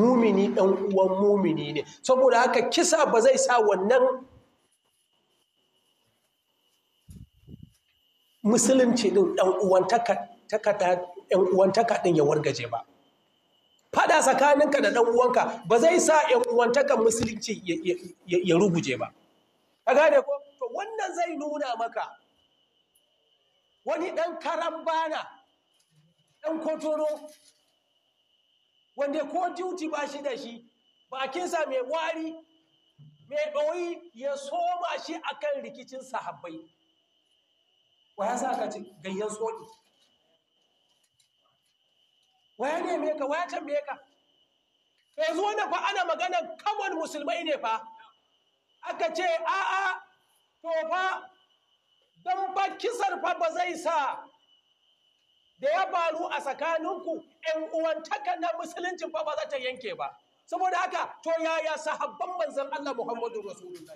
mumini ɗan uwan mumini ne saboda haka kisa ba zai sa wannan musulunci ɗin ɗan uwantaka ɗin ya wargaje ba fada tsakaninka da ɗan uwanka ba zai sa uwan uwantakan musulunci ya ruguje ba ka gane ko wannan zai nuna maka wani ɗan karambana ɗan kotoro wanda ko duty ba shi da shi bakinsa mai wari mai ɗoyi ya soma shi akan rikicin sahabbai wa ya sa ka gayyan tsoɗi waya ne me ka ya can me ka zo wanda fa ana magana kamar musulmai ne fa aka ce a'a to fa don ba kisar fa ba zai sa da ya faru a tsakaninku ‘yan uwantaka na musuluncin fa ba za ta yanke ba saboda haka to yaya sahabban manzan Allah Muhammadu Rasulullah.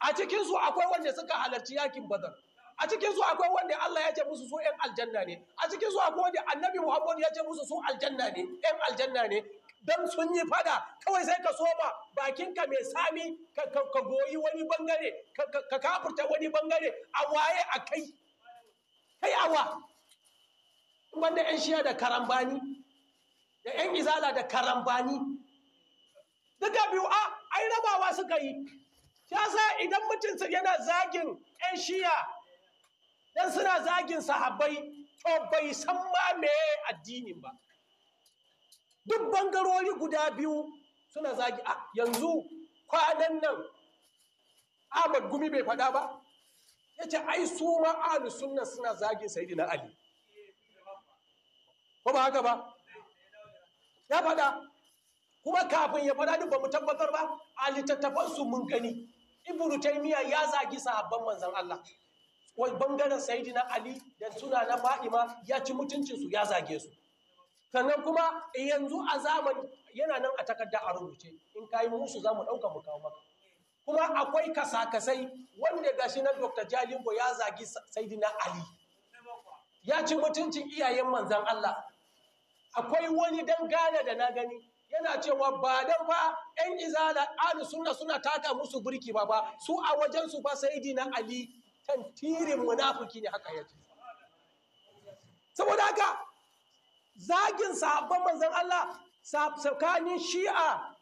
a cikinsu akwai wanda suka halarci yakin Badar a cikinsu akwai wanda Allah ya ce musu su ‘yan aljanna ne a cikinsu akwai wanda Annabi Muhammadu ya ce musu su aljanna ne ‘yan aljanna ne don sun yi fada kawai sai ka soma bakinka mai sami ka goyi wani bangare ka kafurta wani bangare a waye a kai kai awa wanda 'yan shiya da karambani da 'yan izala da karambani duka biyu a ai rabawa suka yi sa idan mutum yana zagin 'yan shiya dan suna zagin sahabbai to bai san ma me addinin ba duk bangarori guda biyu suna zagi a yanzu kwanan nan Ahmad Gumi bai faɗa ba yace ai su ma ahlus suna zagin Sayyidina Ali ko ba haka ba ya faɗa kuma kafin ya faɗa duk ba mu tabbatar ba a su mun gani ibnu taymiya ya zagi sahabban manzon Allah wai bangaren sayyidina ali da suna na fadima ya ci mutuncin su ya zage su sannan kuma yanzu a zamani yana nan a takarda a rubuce in kayi musu zamu dauka mu kawo maka kuma akwai kasakasai wanda gashi na Dr. Jalingo ya zagi sayyidina ali ya ci mutuncin iyayen manzon Allah akwai wani dangane da na gani yana cewa ba dan fa ɗan izala ahlu sunna suna taka musu burki ba ba su a wajen su fa sayyidina ali tantirin munafuki ne haka yace saboda haka zagin sahabban manzan Allah tsakanin shi'a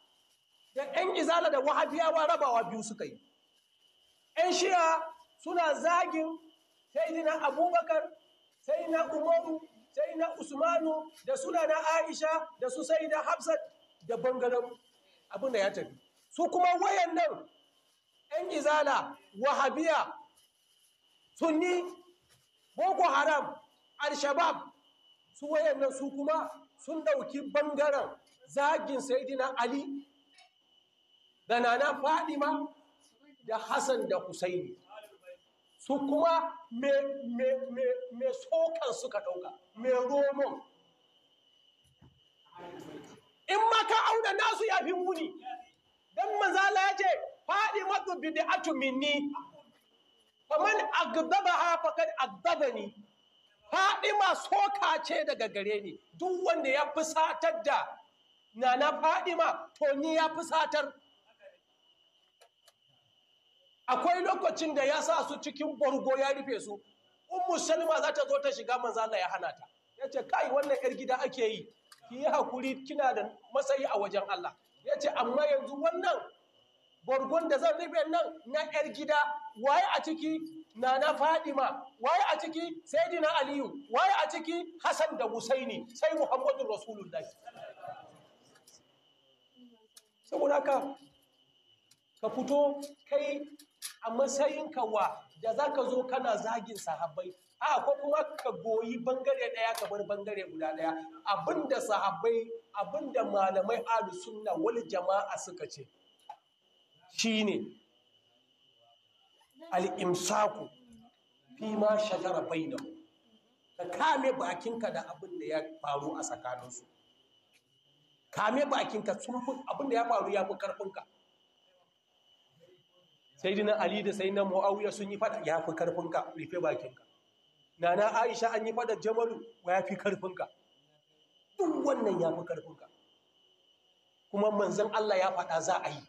da ɗan izala da wahabiyawa rabawa biyu suka yi ‘yan shi'a suna zagin sai abubakar sai na umaru sai na usmanu da suna na aisha da su sai da hafsat da bangaren abin da ya tafi su kuma wayan nan yan izala wahabiya sunni boko haram al-shabab su wayan su kuma sun ɗauki bangaren zagin saidina ali da nana fadima da hassan da husaini su kuma mai tsokan suka ɗauka me romon in ma ka auna nasu ya fi muni don manzala ya ce faɗi matsu bid'atu minni faman agdabaha faqad Faɗi ma soka ce daga gare ni duk wanda ya fusatar da nana ma, to ni ya satar akwai lokacin da ya sa su cikin bargo ya rufe su ummu salma za ta zo ta shiga maza ya hana ta ya ce kai wannan yar gida ake yi ki yi hakuri kina da matsayi a wajen Allah ya ce amma yanzu wannan bargon da zan rufe nan na yar gida waye a ciki nana fadima waye a ciki sayyidina aliyu waye a ciki hasan da husaini sai muhammadu rasulullahi saboda ka ka fito kai a matsayin kawa da za ka zo kana zagin sahabbai a ko kuma ka goyi bangare ɗaya ka bar bangare guda ɗaya abinda sahabbai abinda malamai ahlus sunna wal jama'a suka ce shine al-imsaku fi ma shajara bainahum ka kame bakinka da abin da ya faru a tsakaninsu kame bakinka sun abin da ya faru ya fi karfinka sayyidina ali da na muawiya sun yi fada ya fi karfinka rufe bakinka nana aisha an yi fada jamalu ya fi karfinka duk wannan ya fi karfinka kuma manzan Allah ya fada za a yi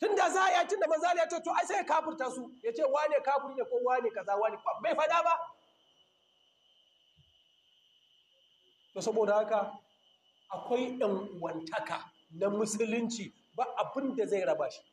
tun da za a yi tun da manzon ya ce to ai sai kafirta su ya ce wane kafin ne ko wane kaza wane bai fada ba to saboda haka akwai ɗan uwantaka na musulunci ba abin da zai raba shi